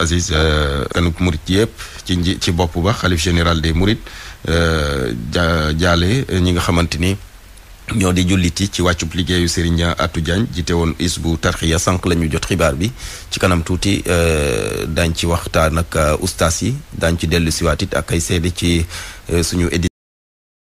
a kanuk euh, murit yëpp ci nji ci bopp ba xalif général des murit euh, ja jaale euh, ñi nga xamante ni ñoo di julliti ci wàccub liggéeyu Serigne atu Atou Diagne jiite woon is bu tarxiya sànq la ñu jot xibaar bi ci kanam tuuti daañ ci waxtaan ak ustaas yi daañ ci dellu siwaat it ak ay seede ci suñu édit